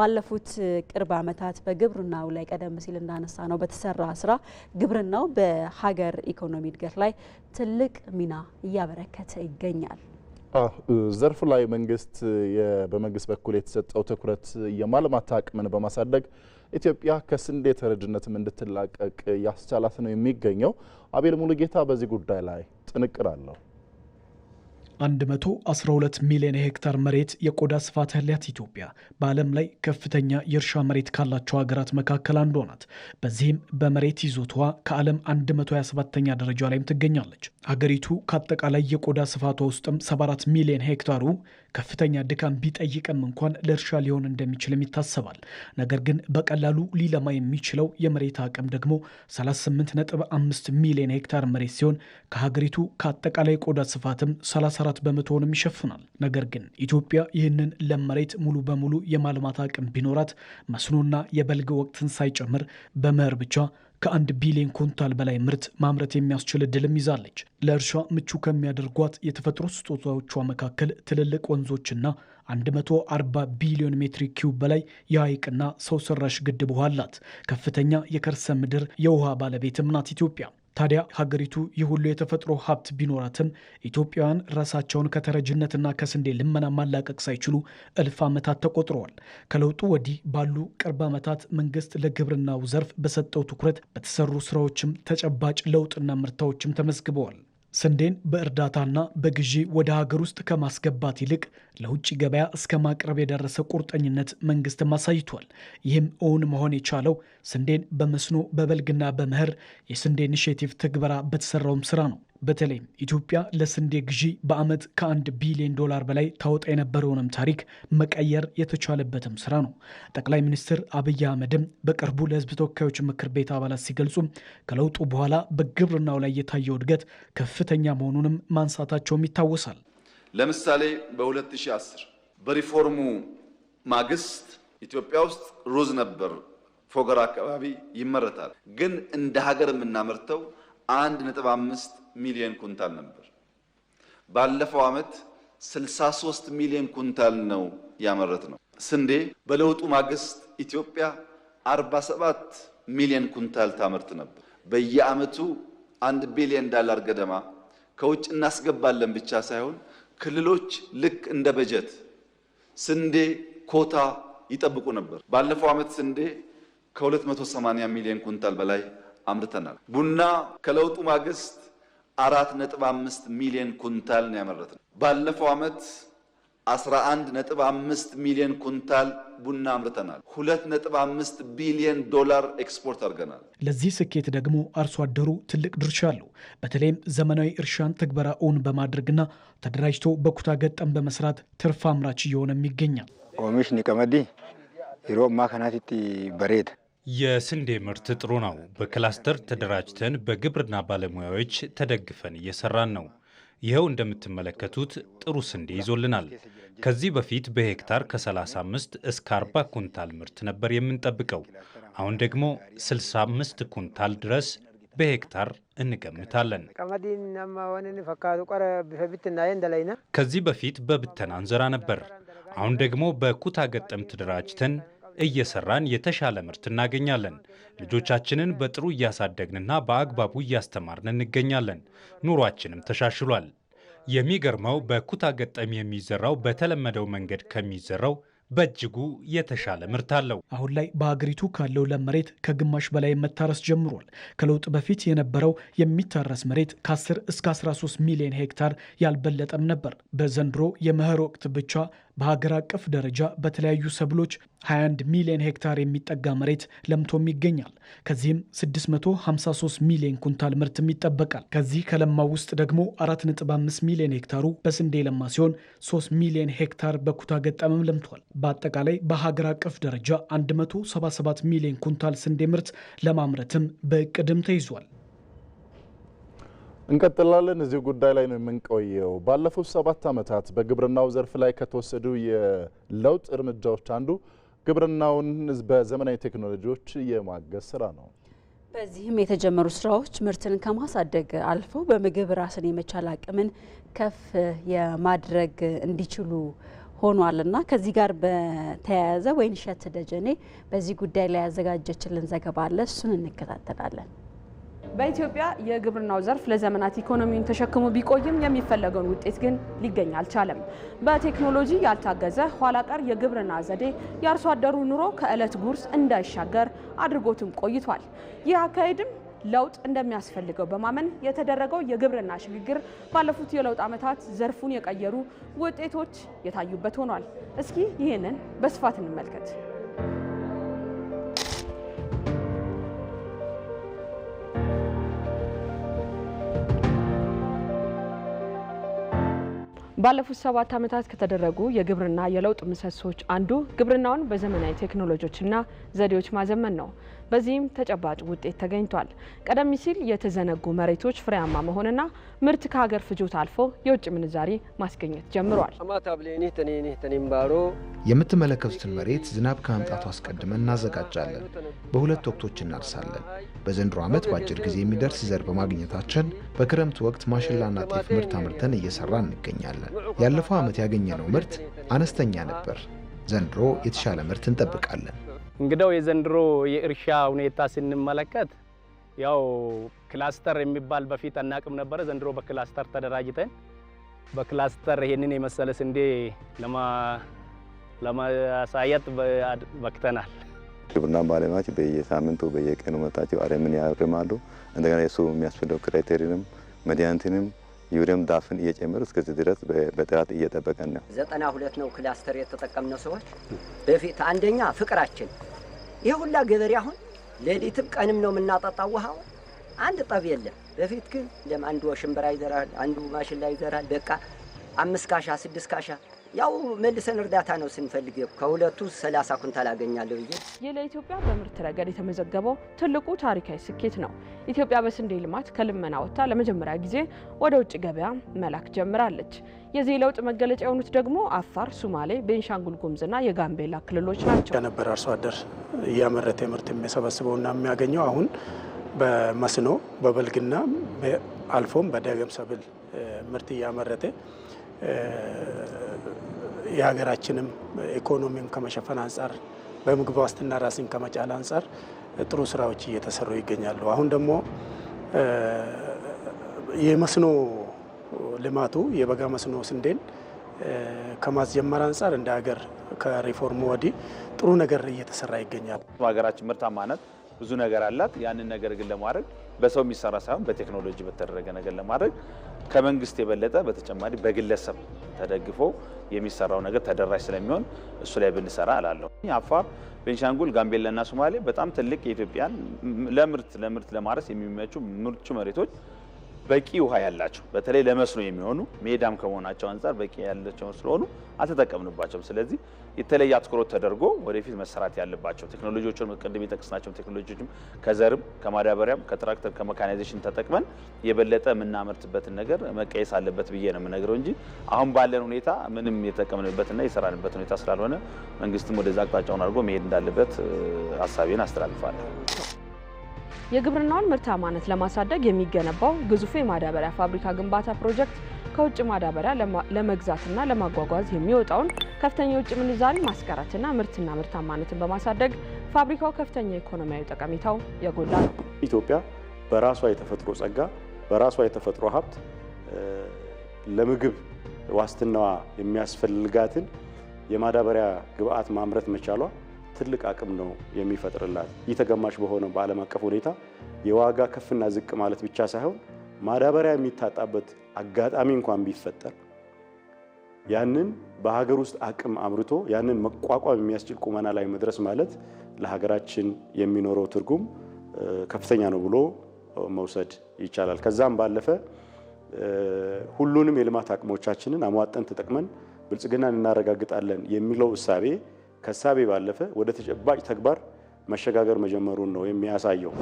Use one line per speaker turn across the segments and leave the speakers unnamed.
ባለፉት ቅርብ ዓመታት በግብርናው ላይ ቀደም ሲል እንዳነሳ ነው በተሰራ ስራ ግብርናው በሀገር ኢኮኖሚ እድገት ላይ ትልቅ ሚና እያበረከተ ይገኛል።
ዘርፉ ላይ መንግስት በመንግስት በኩል የተሰጠው ትኩረት የማልማት አቅምን በማሳደግ ኢትዮጵያ ከስንዴ ተረጅነትም እንድትላቀቅ ያስቻላት ነው የሚገኘው። አቤል ሙሉጌታ በዚህ ጉዳይ ላይ ጥንቅር አለው።
112 ሚሊዮን ሄክታር መሬት የቆዳ ስፋት ያላት ኢትዮጵያ በዓለም ላይ ከፍተኛ የእርሻ መሬት ካላቸው ሀገራት መካከል አንዷ ናት። በዚህም በመሬት ይዞታዋ ከዓለም 127ኛ ደረጃ ላይም ትገኛለች። ሀገሪቱ ከአጠቃላይ የቆዳ ስፋቷ ውስጥም 74 ሚሊዮን ሄክታሩ ከፍተኛ ድካም ቢጠይቅም እንኳን ለእርሻ ሊሆን እንደሚችልም ይታሰባል። ነገር ግን በቀላሉ ሊለማ የሚችለው የመሬት አቅም ደግሞ 38.5 ሚሊዮን ሄክታር መሬት ሲሆን ከሀገሪቱ ከአጠቃላይ ቆዳ ስፋትም 34 አራት በመቶውንም ይሸፍናል። ነገር ግን ኢትዮጵያ ይህንን ለም መሬት ሙሉ በሙሉ የማልማት አቅም ቢኖራት መስኖና የበልግ ወቅትን ሳይጨምር በመኸር ብቻ ከአንድ ቢሊዮን ኩንታል በላይ ምርት ማምረት የሚያስችል እድልም ይዛለች። ለእርሻ ምቹ ከሚያደርጓት የተፈጥሮ ስጦታዎቿ መካከል ትልልቅ ወንዞችና 140 ቢሊዮን ሜትር ኪዩብ በላይ የሐይቅና ሰው ሰራሽ ግድብ ውሃ አላት። ከፍተኛ የከርሰ ምድር የውሃ ባለቤትም ናት ኢትዮጵያ። ታዲያ ሀገሪቱ ይህ ሁሉ የተፈጥሮ ሀብት ቢኖራትም ኢትዮጵያውያን ራሳቸውን ከተረጅነትና ከስንዴ ልመና ማላቀቅ ሳይችሉ እልፍ ዓመታት ተቆጥረዋል። ከለውጡ ወዲህ ባሉ ቅርብ ዓመታት መንግስት ለግብርናው ዘርፍ በሰጠው ትኩረት በተሰሩ ስራዎችም ተጨባጭ ለውጥና ምርታዎችም ተመዝግበዋል። ስንዴን በእርዳታና በግዢ ወደ ሀገር ውስጥ ከማስገባት ይልቅ ለውጭ ገበያ እስከ ማቅረብ የደረሰ ቁርጠኝነት መንግስትም አሳይቷል። ይህም እውን መሆን የቻለው ስንዴን በመስኖ በበልግና በመኸር የስንዴ ኢኒሽቲቭ ትግበራ በተሰራውም ስራ ነው። በተለይ ኢትዮጵያ ለስንዴ ግዢ በዓመት ከአንድ ቢሊዮን ዶላር በላይ ታወጣ የነበረውንም ታሪክ መቀየር የተቻለበትም ስራ ነው። ጠቅላይ ሚኒስትር አብይ አህመድም በቅርቡ ለሕዝብ ተወካዮች ምክር ቤት አባላት ሲገልጹ ከለውጡ በኋላ በግብርናው ላይ የታየው እድገት ከፍተኛ መሆኑንም ማንሳታቸውም ይታወሳል።
ለምሳሌ በ2010 በሪፎርሙ ማግስት ኢትዮጵያ ውስጥ ሩዝ ነበር፣ ፎገራ አካባቢ ይመረታል። ግን እንደ ሀገር የምናመርተው አንድ ነጥብ አምስት ሚሊዮን ኩንታል ነበር። ባለፈው ዓመት 63 ሚሊዮን ኩንታል ነው ያመረት ነው። ስንዴ በለውጡ ማግስት ኢትዮጵያ 47 ሚሊዮን ኩንታል ታመርት ነበር። በየዓመቱ አንድ ቢሊዮን ዳላር ገደማ ከውጭ እናስገባለን ብቻ ሳይሆን ክልሎች ልክ እንደ በጀት ስንዴ ኮታ ይጠብቁ ነበር። ባለፈው ዓመት ስንዴ ከ280 ሚሊዮን ኩንታል በላይ አምርተናል። ቡና ከለውጡ ማግስት አራት ነጥብ አምስት ሚሊዮን ኩንታል ነው ያመረትነው። ባለፈው ዓመት አስራ አንድ ነጥብ አምስት ሚሊዮን ኩንታል ቡና አምርተናል። ሁለት ነጥብ አምስት ቢሊዮን ዶላር ኤክስፖርት አድርገናል።
ለዚህ ስኬት ደግሞ አርሶ አደሩ ትልቅ ድርሻ አለው። በተለይም ዘመናዊ እርሻን ትግበራ እውን በማድረግና ተደራጅቶ በኩታ ገጠም በመስራት ትርፍ አምራች እየሆነም ይገኛል።
ኦሚሽኒ ቀመዲ የሮ አማ በሬድ
የስንዴ ምርት ጥሩ ነው። በክላስተር ተደራጅተን በግብርና ባለሙያዎች ተደግፈን እየሰራን ነው። ይኸው እንደምትመለከቱት ጥሩ ስንዴ ይዞልናል። ከዚህ በፊት በሄክታር ከ35 እስከ 40 ኩንታል ምርት ነበር የምንጠብቀው። አሁን ደግሞ 65 ኩንታል ድረስ በሄክታር እንገምታለን።
ከዚህ በፊት በብተና እንዘራ ነበር። አሁን ደግሞ በኩታ ገጠም ተደራጅተን እየሰራን የተሻለ ምርት እናገኛለን። ልጆቻችንን በጥሩ እያሳደግንና በአግባቡ እያስተማርን እንገኛለን። ኑሯችንም ተሻሽሏል። የሚገርመው በኩታ ገጠም የሚዘራው በተለመደው መንገድ ከሚዘራው በእጅጉ የተሻለ ምርት አለው።
አሁን ላይ በሀገሪቱ ካለው ለም መሬት ከግማሽ በላይ መታረስ ጀምሯል። ከለውጥ በፊት የነበረው የሚታረስ መሬት ከ10 እስከ 13 ሚሊዮን ሄክታር ያልበለጠም ነበር። በዘንድሮ የመኸር ወቅት ብቻ በሀገር አቀፍ ደረጃ በተለያዩ ሰብሎች 21 ሚሊዮን ሄክታር የሚጠጋ መሬት ለምቶም ይገኛል። ከዚህም 653 ሚሊዮን ኩንታል ምርትም ይጠበቃል። ከዚህ ከለማው ውስጥ ደግሞ 4.5 ሚሊዮን ሄክታሩ በስንዴ ለማ ሲሆን 3 ሚሊዮን ሄክታር በኩታ ገጠምም ለምቷል። በአጠቃላይ በሀገር አቀፍ ደረጃ 177 ሚሊዮን ኩንታል ስንዴ ምርት ለማምረትም በእቅድም ተይዟል።
እንቀጥላለን። እዚህ ጉዳይ ላይ ነው የምንቆየው። ባለፉት ሰባት ዓመታት በግብርናው ዘርፍ ላይ ከተወሰዱ የለውጥ እርምጃዎች አንዱ ግብርናውን በዘመናዊ ቴክኖሎጂዎች የማገዝ ስራ ነው።
በዚህም የተጀመሩ ስራዎች ምርትን ከማሳደግ አልፈው በምግብ ራስን የመቻል አቅምን ከፍ የማድረግ እንዲችሉ ሆኗልና ከዚህ ጋር በተያያዘ ወይንሸት ደጀኔ በዚህ ጉዳይ ላይ ያዘጋጀችልን ዘገባ አለ። እሱን እንከታተላለን።
በኢትዮጵያ የግብርናው ዘርፍ ለዘመናት ኢኮኖሚውን ተሸክሞ ቢቆይም የሚፈለገውን ውጤት ግን ሊገኝ አልቻለም። በቴክኖሎጂ ያልታገዘ ኋላ ቀር የግብርና ዘዴ የአርሶ አደሩ ኑሮ ከዕለት ጉርስ እንዳይሻገር አድርጎትም ቆይቷል። ይህ አካሄድም ለውጥ እንደሚያስፈልገው በማመን የተደረገው የግብርና ሽግግር ባለፉት የለውጥ ዓመታት ዘርፉን የቀየሩ ውጤቶች የታዩበት ሆኗል። እስኪ ይህንን በስፋት እንመልከት። ባለፉት ሰባት ዓመታት ከተደረጉ የግብርና የለውጥ ምሰሶች አንዱ ግብርናውን በዘመናዊ ቴክኖሎጂዎችና ዘዴዎች ማዘመን ነው። በዚህም ተጨባጭ ውጤት ተገኝቷል። ቀደም ሲል የተዘነጉ መሬቶች ፍሬያማ መሆንና ምርት ከሀገር ፍጆታ አልፎ የውጭ ምንዛሪ ማስገኘት ጀምሯል።
የምትመለከቱትን መሬት ዝናብ ከመምጣቱ አስቀድመን እናዘጋጃለን። በሁለት ወቅቶች እናርሳለን። በዘንድሮ ዓመት በአጭር ጊዜ የሚደርስ ዘር በማግኘታችን በክረምት ወቅት ማሽላና ጤፍ ምርት አምርተን እየሰራ እንገኛለን። ያለፈው ዓመት ያገኘነው ምርት አነስተኛ ነበር። ዘንድሮ የተሻለ ምርት እንጠብቃለን።
እንግዲው የዘንድሮ የእርሻ ሁኔታ ስንመለከት ያው ክላስተር የሚባል በፊት አናቅም ነበረ። ዘንድሮ በክላስተር ተደራጅተን በክላስተር ይህንን የመሰለ ስንዴ ለማሳየት በክተናል።
ግብርና ባለሙያዎች በየሳምንቱ በየቀኑ መጣቸው አረምን ያርማሉ። እንደገና የሱ የሚያስፈልገው ክራይቴሪንም መድኃኒትንም ዩሪያም ዳፍን እየጨመሩ እስከዚህ ድረስ በጥራት እየጠበቀን ነው።
ዘጠና ሁለት ነው ክላስተር የተጠቀምነው ሰዎች በፊት አንደኛ ፍቅራችን ይህ ሁላ ገበሬ አሁን ሌሊትም ቀንም ነው የምናጠጣው ውሃው አንድ ጠብ የለም። በፊት ግን ለም አንዱ ሽምብራ ይዘራል፣ አንዱ ማሽላ ይዘራል። በቃ አምስት ካሻ ስድስት ካሻ ያው መልሰን እርዳታ ነው ስንፈልግ ከሁለቱ ሰላሳ ኩንታል አገኛለሁ ብዬ።
ይህ ለኢትዮጵያ በምርት ረገድ የተመዘገበው ትልቁ ታሪካዊ ስኬት ነው። ኢትዮጵያ በስንዴ ልማት ከልመና ወጥታ ለመጀመሪያ ጊዜ ወደ ውጭ ገበያ መላክ ጀምራለች። የዚህ ለውጥ መገለጫ የሆኑት ደግሞ አፋር፣ ሱማሌ፣ ቤንሻንጉል ጉሙዝና የጋምቤላ ክልሎች ናቸው።
ከነበረ አርሶ አደር እያመረተ ምርት የሚሰበስበውና የሚያገኘው አሁን በመስኖ በበልግና አልፎም በደገም ሰብል ምርት እያመረተ የሀገራችንም ኢኮኖሚም ከመሸፈን አንጻር በምግብ ዋስትና ራስን ከመቻል አንጻር ጥሩ ስራዎች እየተሰሩ ይገኛሉ። አሁን ደግሞ የመስኖ ልማቱ የበጋ መስኖ ስንዴን ከማስጀመር አንጻር እንደ ሀገር ከሪፎርሙ ወዲህ ጥሩ ነገር እየተሰራ ይገኛል።
ሀገራችን ምርታማነት ብዙ ነገር አላት። ያንን ነገር ግን ለማድረግ በሰው የሚሰራ ሳይሆን በቴክኖሎጂ በተደረገ ነገር ለማድረግ ከመንግስት የበለጠ በተጨማሪ በግለሰብ ተደግፎ የሚሰራው ነገር ተደራሽ ስለሚሆን እሱ ላይ ብንሰራ እላለሁ። አፋር፣ ቤንሻንጉል፣ ጋምቤላና ሶማሌ በጣም ትልቅ የኢትዮጵያን ለምርት ለምርት ለማረስ የሚመቹ ምርቹ መሬቶች በቂ ውሃ ያላቸው በተለይ ለመስኖ የሚሆኑ ሜዳም ከመሆናቸው አንጻር በቂ ያላቸው ስለሆኑ አልተጠቀምንባቸውም። ስለዚህ የተለየ አትኩሮት ተደርጎ ወደፊት መሰራት ያለባቸው ቴክኖሎጂዎችን ቅድም የጠቀስናቸው ቴክኖሎጂዎችም ከዘርም ከማዳበሪያም ከትራክተር ከመካናይዜሽን ተጠቅመን የበለጠ የምናመርትበትን ነገር መቀየስ አለበት ብዬ ነው የምነግረው እንጂ አሁን ባለን ሁኔታ ምንም የጠቀምንበትና የሰራንበት ሁኔታ ስላልሆነ መንግስትም ወደዛ አቅጣጫውን አድርጎ መሄድ እንዳለበት ሀሳቤን አስተላልፋለሁ።
የግብርናውን ምርታማነት ለማሳደግ የሚገነባው ግዙፍ የማዳበሪያ ፋብሪካ ግንባታ ፕሮጀክት ከውጭ ማዳበሪያ ለመግዛትና ለማጓጓዝ የሚወጣውን ከፍተኛ የውጭ ምንዛሪ ማስቀረትና ምርትና ምርታማነትን በማሳደግ ፋብሪካው ከፍተኛ ኢኮኖሚያዊ ጠቀሜታው የጎላ ነው።
ኢትዮጵያ በራሷ የተፈጥሮ ጸጋ፣ በራሷ የተፈጥሮ ሀብት ለምግብ ዋስትናዋ የሚያስፈልጋትን የማዳበሪያ ግብዓት ማምረት መቻሏ ትልቅ አቅም ነው የሚፈጥርላት። ይህ ተገማሽ በሆነው በዓለም አቀፍ ሁኔታ የዋጋ ከፍና ዝቅ ማለት ብቻ ሳይሆን ማዳበሪያ የሚታጣበት አጋጣሚ እንኳን ቢፈጠር ያንን በሀገር ውስጥ አቅም አምርቶ ያንን መቋቋም የሚያስችል ቁመና ላይ መድረስ ማለት ለሀገራችን የሚኖረው ትርጉም ከፍተኛ ነው ብሎ መውሰድ ይቻላል። ከዛም ባለፈ ሁሉንም የልማት አቅሞቻችንን አሟጠን ተጠቅመን ብልጽግናን እናረጋግጣለን የሚለው እሳቤ ከሳቤ ባለፈ ወደ ተጨባጭ ተግባር መሸጋገር መጀመሩን ነው የሚያሳየው።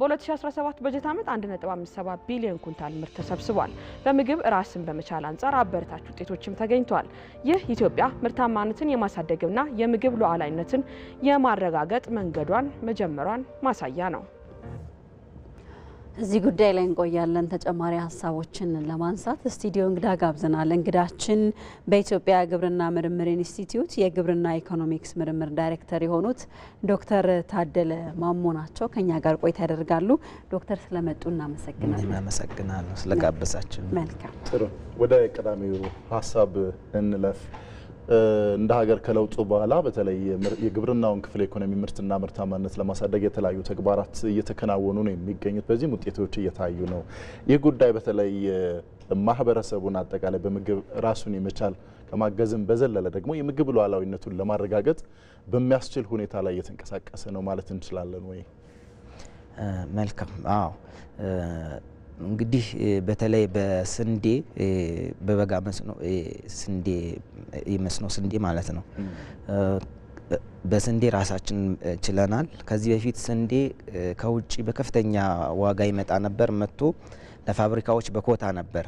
በ2017 በጀት ዓመት 1.57 ቢሊዮን ኩንታል ምርት ተሰብስቧል። በምግብ ራስን በመቻል አንጻር አበረታች ውጤቶችም ተገኝተዋል። ይህ ኢትዮጵያ ምርታማነትን የማሳደግና የምግብ ሉዓላዊነትን የማረጋገጥ መንገዷን መጀመሯን ማሳያ ነው።
እዚህ ጉዳይ ላይ እንቆያለን። ተጨማሪ ሀሳቦችን ለማንሳት ስቱዲዮ እንግዳ ጋብዘናል። እንግዳችን በኢትዮጵያ ግብርና ምርምር ኢንስቲትዩት የግብርና ኢኮኖሚክስ ምርምር ዳይሬክተር የሆኑት ዶክተር ታደለ ማሞ ናቸው። ከኛ ጋር ቆይታ ያደርጋሉ። ዶክተር ስለመጡ እናመሰግናለን።
እናመሰግናለሁ ስለጋበዛችን። መልካም
ጥሩ። ወደ ቀዳሚው ሀሳብ እንለፍ። እንደ ሀገር ከለውጡ በኋላ በተለይ የግብርናውን ክፍል ኢኮኖሚ ምርትና ምርታማነት ለማሳደግ የተለያዩ ተግባራት እየተከናወኑ ነው የሚገኙት። በዚህም ውጤቶች እየታዩ ነው። ይህ ጉዳይ በተለይ ማህበረሰቡን አጠቃላይ በምግብ ራሱን የመቻል ከማገዝም በዘለለ ደግሞ የምግብ ሉዓላዊነቱን ለማረጋገጥ በሚያስችል ሁኔታ ላይ እየተንቀሳቀሰ ነው ማለት እንችላለን ወይ?
መልካም። አዎ እንግዲህ በተለይ በስንዴ በበጋ መስኖ ስንዴ የመስኖ ስንዴ ማለት ነው። በስንዴ ራሳችን ችለናል። ከዚህ በፊት ስንዴ ከውጭ በከፍተኛ ዋጋ ይመጣ ነበር መጥቶ ለፋብሪካዎች በኮታ ነበር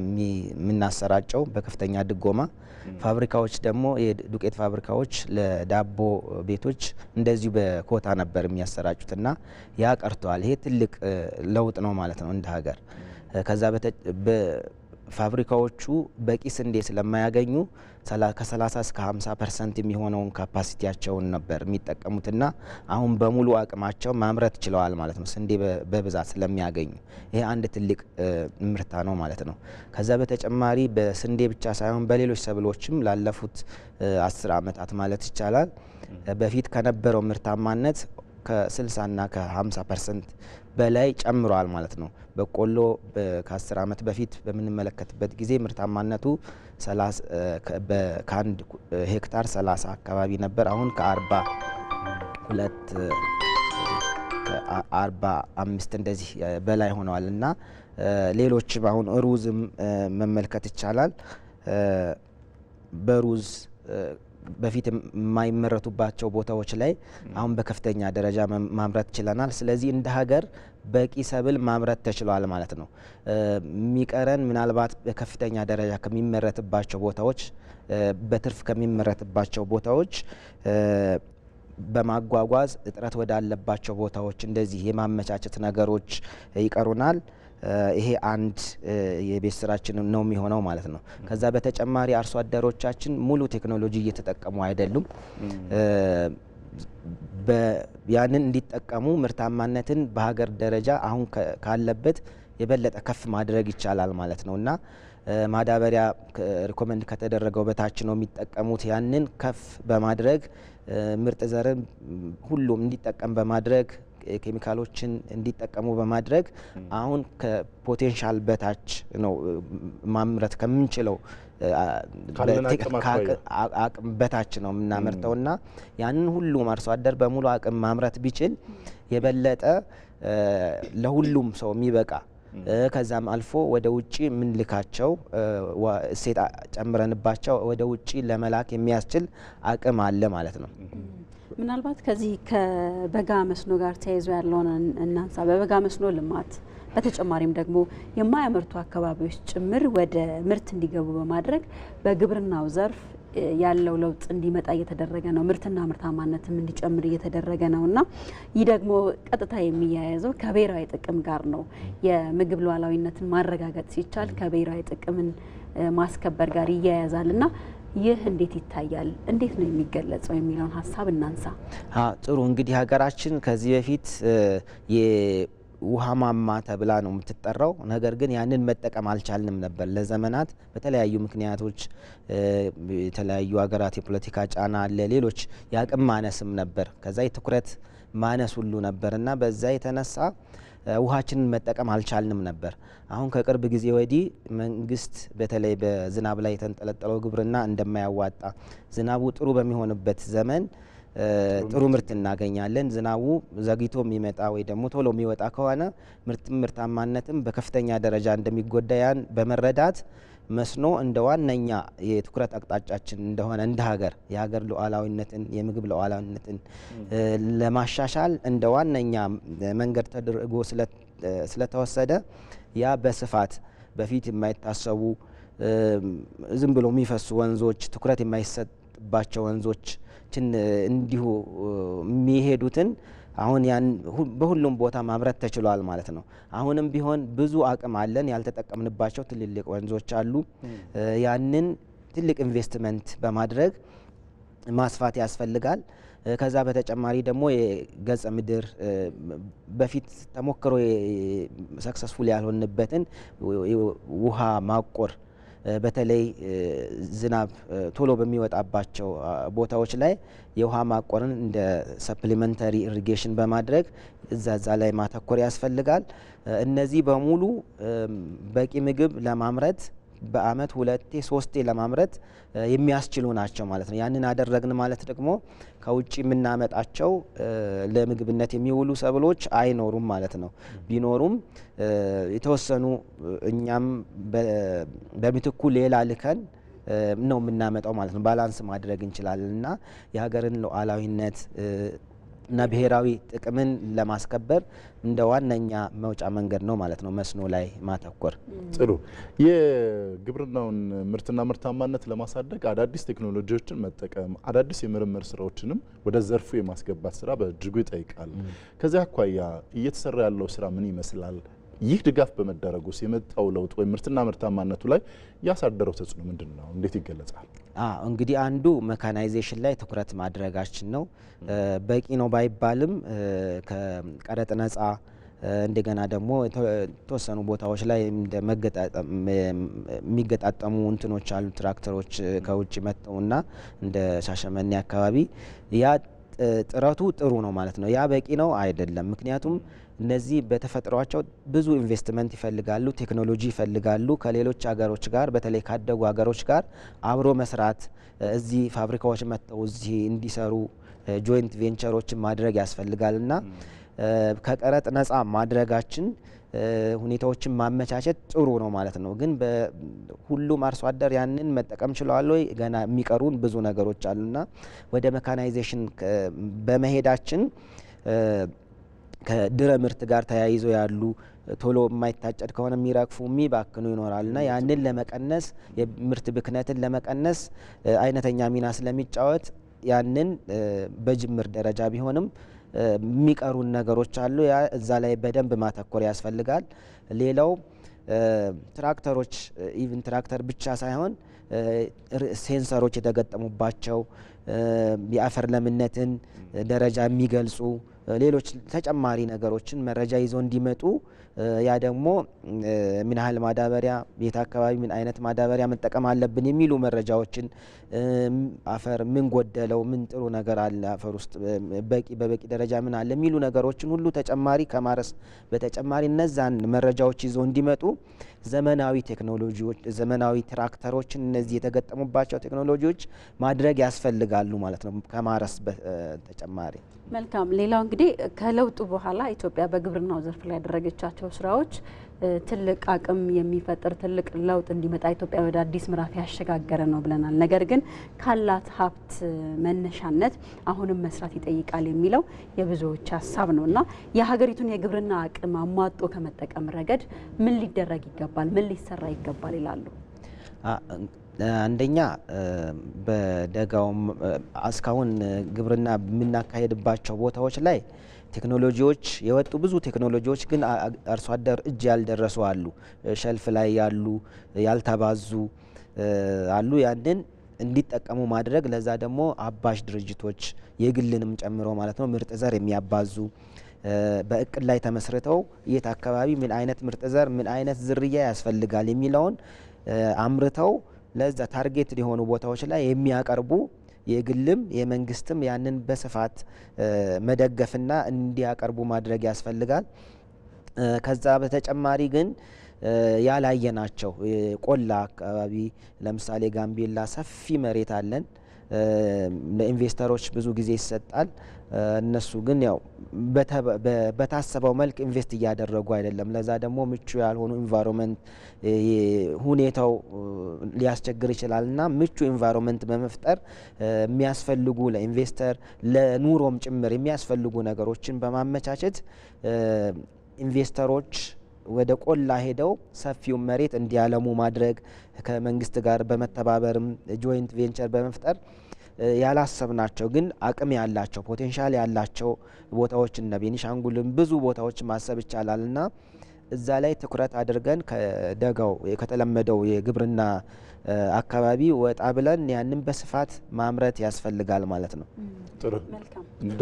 የምናሰራጨው በከፍተኛ ድጎማ። ፋብሪካዎች ደግሞ የዱቄት ፋብሪካዎች ለዳቦ ቤቶች እንደዚሁ በኮታ ነበር የሚያሰራጩትና ያ ቀርተዋል። ይሄ ትልቅ ለውጥ ነው ማለት ነው እንደ ሀገር ከዛ ፋብሪካዎቹ በቂ ስንዴ ስለማያገኙ ከ30 እስከ 50 ፐርሰንት የሚሆነውን ካፓሲቲያቸውን ነበር የሚጠቀሙትና አሁን በሙሉ አቅማቸው ማምረት ችለዋል ማለት ነው፣ ስንዴ በብዛት ስለሚያገኙ። ይሄ አንድ ትልቅ ምርታ ነው ማለት ነው። ከዛ በተጨማሪ በስንዴ ብቻ ሳይሆን በሌሎች ሰብሎችም ላለፉት አስር ዓመታት ማለት ይቻላል በፊት ከነበረው ምርታማነት ከ60ና ከ50 ፐርሰንት በላይ ጨምሯል ማለት ነው። በቆሎ ከ10 ዓመት በፊት በምንመለከትበት ጊዜ ምርታማነቱ ከአንድ ሄክታር 30 አካባቢ ነበር። አሁን ከ45 እንደዚህ በላይ ሆነዋል እና ሌሎችም አሁን ሩዝም መመልከት ይቻላል በሩዝ በፊት የማይመረቱባቸው ቦታዎች ላይ አሁን በከፍተኛ ደረጃ ማምረት ችለናል። ስለዚህ እንደ ሀገር በቂ ሰብል ማምረት ተችሏል ማለት ነው። የሚቀረን ምናልባት በከፍተኛ ደረጃ ከሚመረትባቸው ቦታዎች በትርፍ ከሚመረትባቸው ቦታዎች በማጓጓዝ እጥረት ወዳለባቸው ቦታዎች እንደዚህ የማመቻቸት ነገሮች ይቀሩናል። ይሄ አንድ የቤት ስራችን ነው የሚሆነው ማለት ነው። ከዛ በተጨማሪ አርሶ አደሮቻችን ሙሉ ቴክኖሎጂ እየተጠቀሙ አይደሉም። ያንን እንዲጠቀሙ ምርታማነትን በሀገር ደረጃ አሁን ካለበት የበለጠ ከፍ ማድረግ ይቻላል ማለት ነው እና ማዳበሪያ ሪኮመንድ ከተደረገው በታች ነው የሚጠቀሙት። ያንን ከፍ በማድረግ ምርጥ ዘርን ሁሉም እንዲጠቀም በማድረግ ኬሚካሎችን እንዲጠቀሙ በማድረግ አሁን ከፖቴንሻል በታች ነው ማምረት ከምንችለው አቅም በታች ነው የምናመርተው እና ያንን ሁሉም አርሶ አደር በሙሉ አቅም ማምረት ቢችል የበለጠ ለሁሉም ሰው የሚበቃ ከዛም አልፎ ወደ ውጭ የምንልካቸው እሴት ጨምረንባቸው ወደ ውጭ ለመላክ የሚያስችል አቅም አለ ማለት ነው።
ምናልባት ከዚህ ከበጋ መስኖ ጋር ተያይዞ ያለውን እናንሳ። በበጋ መስኖ ልማት በተጨማሪም ደግሞ የማያመርቱ አካባቢዎች ጭምር ወደ ምርት እንዲገቡ በማድረግ በግብርናው ዘርፍ ያለው ለውጥ እንዲመጣ እየተደረገ ነው። ምርትና ምርታማነትም እንዲጨምር እየተደረገ ነው እና ይህ ደግሞ ቀጥታ የሚያያዘው ከብሔራዊ ጥቅም ጋር ነው። የምግብ ሉዓላዊነትን ማረጋገጥ ሲቻል ከብሔራዊ ጥቅምን ማስከበር ጋር ይያያዛል እና ይህ እንዴት ይታያል? እንዴት ነው የሚገለጸው የሚለውን ሀሳብ እናንሳ።
ጥሩ እንግዲህ ሀገራችን ከዚህ በፊት ውሃ ማማ ተብላ ነው የምትጠራው። ነገር ግን ያንን መጠቀም አልቻልንም ነበር ለዘመናት በተለያዩ ምክንያቶች፣ የተለያዩ ሀገራት የፖለቲካ ጫና አለ፣ ሌሎች የአቅም ማነስም ነበር፣ ከዛ የትኩረት ማነስ ሁሉ ነበር እና በዛ የተነሳ ውሃችንን መጠቀም አልቻልንም ነበር። አሁን ከቅርብ ጊዜ ወዲህ መንግስት በተለይ በዝናብ ላይ የተንጠለጠለው ግብርና እንደማያዋጣ ዝናቡ ጥሩ በሚሆንበት ዘመን ጥሩ ምርት እናገኛለን። ዝናቡ ዘግይቶ የሚመጣ ወይ ደግሞ ቶሎ የሚወጣ ከሆነ ምርትም ምርታማነትም በከፍተኛ ደረጃ እንደሚጎዳ ያን በመረዳት መስኖ እንደ ዋነኛ የትኩረት አቅጣጫችን እንደሆነ እንደ ሀገር የሀገር ሉዓላዊነትን የምግብ ሉዓላዊነትን ለማሻሻል እንደ ዋነኛ መንገድ ተደርጎ ስለተወሰደ ያ በስፋት በፊት የማይታሰቡ ዝም ብሎ የሚፈሱ ወንዞች ትኩረት የማይሰጥ ባቸው ወንዞችን እንዲሁ የሚሄዱትን አሁን ያን በሁሉም ቦታ ማምረት ተችሏል ማለት ነው። አሁንም ቢሆን ብዙ አቅም አለን። ያልተጠቀምንባቸው ትልልቅ ወንዞች አሉ። ያንን ትልቅ ኢንቨስትመንት በማድረግ ማስፋት ያስፈልጋል። ከዛ በተጨማሪ ደግሞ የገጸ ምድር በፊት ተሞክሮ ሰክሰስፉል ያልሆንበትን ውሃ ማቆር በተለይ ዝናብ ቶሎ በሚወጣባቸው ቦታዎች ላይ የውሃ ማቆርን እንደ ሰፕሊመንተሪ ኢሪጌሽን በማድረግ እዛዛ ላይ ማተኮር ያስፈልጋል። እነዚህ በሙሉ በቂ ምግብ ለማምረት በአመት ሁለቴ ሶስቴ ለማምረት የሚያስችሉ ናቸው ማለት ነው። ያንን አደረግን ማለት ደግሞ ከውጭ የምናመጣቸው ለምግብነት የሚውሉ ሰብሎች አይኖሩም ማለት ነው። ቢኖሩም የተወሰኑ እኛም በምትኩ ሌላ ልከን ነው የምናመጣው ማለት ነው። ባላንስ ማድረግ እንችላለን እና የሀገርን ሉዓላዊነት እና ብሔራዊ ጥቅምን ለማስከበር እንደ ዋነኛ መውጫ መንገድ ነው ማለት ነው መስኖ ላይ ማተኮር።
ጥሩ። የግብርናውን ምርትና ምርታማነት ለማሳደግ አዳዲስ ቴክኖሎጂዎችን መጠቀም፣ አዳዲስ የምርምር ስራዎችንም ወደ ዘርፉ የማስገባት ስራ በእጅጉ ይጠይቃል። ከዚያ አኳያ እየተሰራ ያለው ስራ ምን ይመስላል? ይህ ድጋፍ በመደረጉ ውስጥ የመጣው ለውጥ ወይም ምርትና ምርታማነቱ ላይ ያሳደረው ተጽዕኖ ምንድን ነው? እንዴት ይገለጻል?
እንግዲህ አንዱ መካናይዜሽን ላይ ትኩረት ማድረጋችን ነው። በቂ ነው ባይባልም ከቀረጥ ነጻ እንደገና ደግሞ የተወሰኑ ቦታዎች ላይ የሚገጣጠሙ እንትኖች አሉ፣ ትራክተሮች ከውጭ መጥተውና እንደ ሻሸመኔ አካባቢ ያ ጥረቱ ጥሩ ነው ማለት ነው። ያ በቂ ነው አይደለም። ምክንያቱም እነዚህ በተፈጥሯቸው ብዙ ኢንቨስትመንት ይፈልጋሉ፣ ቴክኖሎጂ ይፈልጋሉ። ከሌሎች ሀገሮች ጋር በተለይ ካደጉ ሀገሮች ጋር አብሮ መስራት፣ እዚህ ፋብሪካዎች መጥተው እዚህ እንዲሰሩ ጆይንት ቬንቸሮችን ማድረግ ያስፈልጋል እና ከቀረጥ ነጻ ማድረጋችን ሁኔታዎችን ማመቻቸት ጥሩ ነው ማለት ነው። ግን ሁሉም አርሶ አደር ያንን መጠቀም ችለዋል ወይ? ገና የሚቀሩን ብዙ ነገሮች አሉና ወደ መካናይዜሽን በመሄዳችን ከድረ ምርት ጋር ተያይዞ ያሉ ቶሎ የማይታጨድ ከሆነ የሚረግፉ የሚባክኑ ይኖራሉና ያንን ለመቀነስ የምርት ብክነትን ለመቀነስ አይነተኛ ሚና ስለሚጫወት ያንን በጅምር ደረጃ ቢሆንም የሚቀሩን ነገሮች አሉ። እዛ ላይ በደንብ ማተኮር ያስፈልጋል። ሌላው ትራክተሮች ኢቭን ትራክተር ብቻ ሳይሆን ሴንሰሮች የተገጠሙባቸው የአፈር ለምነትን ደረጃ የሚገልጹ ሌሎች ተጨማሪ ነገሮችን መረጃ ይዞ እንዲመጡ ያ ደግሞ ምን ያህል ማዳበሪያ ቤት አካባቢ ምን አይነት ማዳበሪያ መጠቀም አለብን የሚሉ መረጃዎችን፣ አፈር ምን ጎደለው፣ ምን ጥሩ ነገር አለ አፈር ውስጥ በቂ በበቂ ደረጃ ምን አለ የሚሉ ነገሮችን ሁሉ ተጨማሪ ከማረስ በተጨማሪ እነዛን መረጃዎች ይዞ እንዲመጡ ዘመናዊ ቴክኖሎጂዎች፣ ዘመናዊ ትራክተሮችን እነዚህ የተገጠሙባቸው ቴክኖሎጂዎች ማድረግ ያስፈልጋሉ ማለት ነው ከማረስ በተጨማሪ
መልካም። ሌላው እንግዲህ ከለውጡ በኋላ ኢትዮጵያ በግብርናው ዘርፍ ላይ ያደረገቻቸው ስራዎች ትልቅ አቅም የሚፈጥር ትልቅ ለውጥ እንዲመጣ ኢትዮጵያ ወደ አዲስ ምዕራፍ ያሸጋገረ ነው ብለናል። ነገር ግን ካላት ሀብት መነሻነት አሁንም መስራት ይጠይቃል የሚለው የብዙዎች ሀሳብ ነው እና የሀገሪቱን የግብርና አቅም አሟጦ ከመጠቀም ረገድ ምን ሊደረግ ይገባል? ምን ሊሰራ ይገባል ይላሉ?
አንደኛ በደጋው እስካሁን ግብርና የምናካሄድባቸው ቦታዎች ላይ ቴክኖሎጂዎች የወጡ ብዙ ቴክኖሎጂዎች ግን አርሶ አደር እጅ ያልደረሱ አሉ፣ ሸልፍ ላይ ያሉ ያልተባዙ አሉ። ያንን እንዲጠቀሙ ማድረግ ለዛ ደግሞ አባሽ ድርጅቶች የግልንም ጨምሮ ማለት ነው ምርጥ ዘር የሚያባዙ በእቅድ ላይ ተመስርተው የት አካባቢ ምን አይነት ምርጥ ዘር ምን አይነት ዝርያ ያስፈልጋል የሚለውን አምርተው ለዛ ታርጌት የሆኑ ቦታዎች ላይ የሚያቀርቡ የግልም የመንግስትም ያንን በስፋት መደገፍና እንዲያቀርቡ ማድረግ ያስፈልጋል። ከዛ በተጨማሪ ግን ያላየናቸው ቆላ አካባቢ ለምሳሌ ጋምቤላ ሰፊ መሬት አለን። ለኢንቨስተሮች ብዙ ጊዜ ይሰጣል። እነሱ ግን ያው በታሰበው መልክ ኢንቨስት እያደረጉ አይደለም። ለዛ ደግሞ ምቹ ያልሆኑ ኢንቫይሮንመንት ሁኔታው ሊያስቸግር ይችላል እና ምቹ ኢንቫይሮንመንት በመፍጠር የሚያስፈልጉ ለኢንቨስተር ለኑሮም ጭምር የሚያስፈልጉ ነገሮችን በማመቻቸት ኢንቨስተሮች ወደ ቆላ ሄደው ሰፊውን መሬት እንዲያለሙ ማድረግ ከመንግስት ጋር በመተባበርም ጆይንት ቬንቸር በመፍጠር ያላሰብናቸው ግን አቅም ያላቸው ፖቴንሻል ያላቸው ቦታዎች እነ ቤኒሻንጉልም ብዙ ቦታዎች ማሰብ ይቻላልና እዛ ላይ ትኩረት አድርገን ከደጋው ከተለመደው የግብርና አካባቢ ወጣ ብለን ያንን በስፋት ማምረት ያስፈልጋል ማለት ነው።
ጥሩ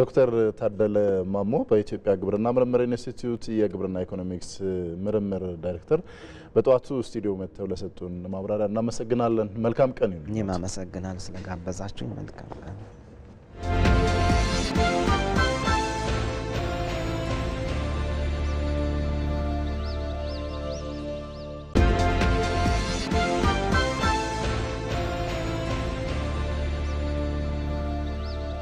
ዶክተር ታደለ ማሞ በኢትዮጵያ ግብርና ምርምር ኢንስቲትዩት የግብርና ኢኮኖሚክስ ምርምር ዳይሬክተር በጠዋቱ ስቱዲዮ መጥተው ለሰጡን ማብራሪያ እናመሰግናለን። መልካም ቀን ይሁን።
እኔም አመሰግናል ስለጋበዛችሁ። መልካም ቀን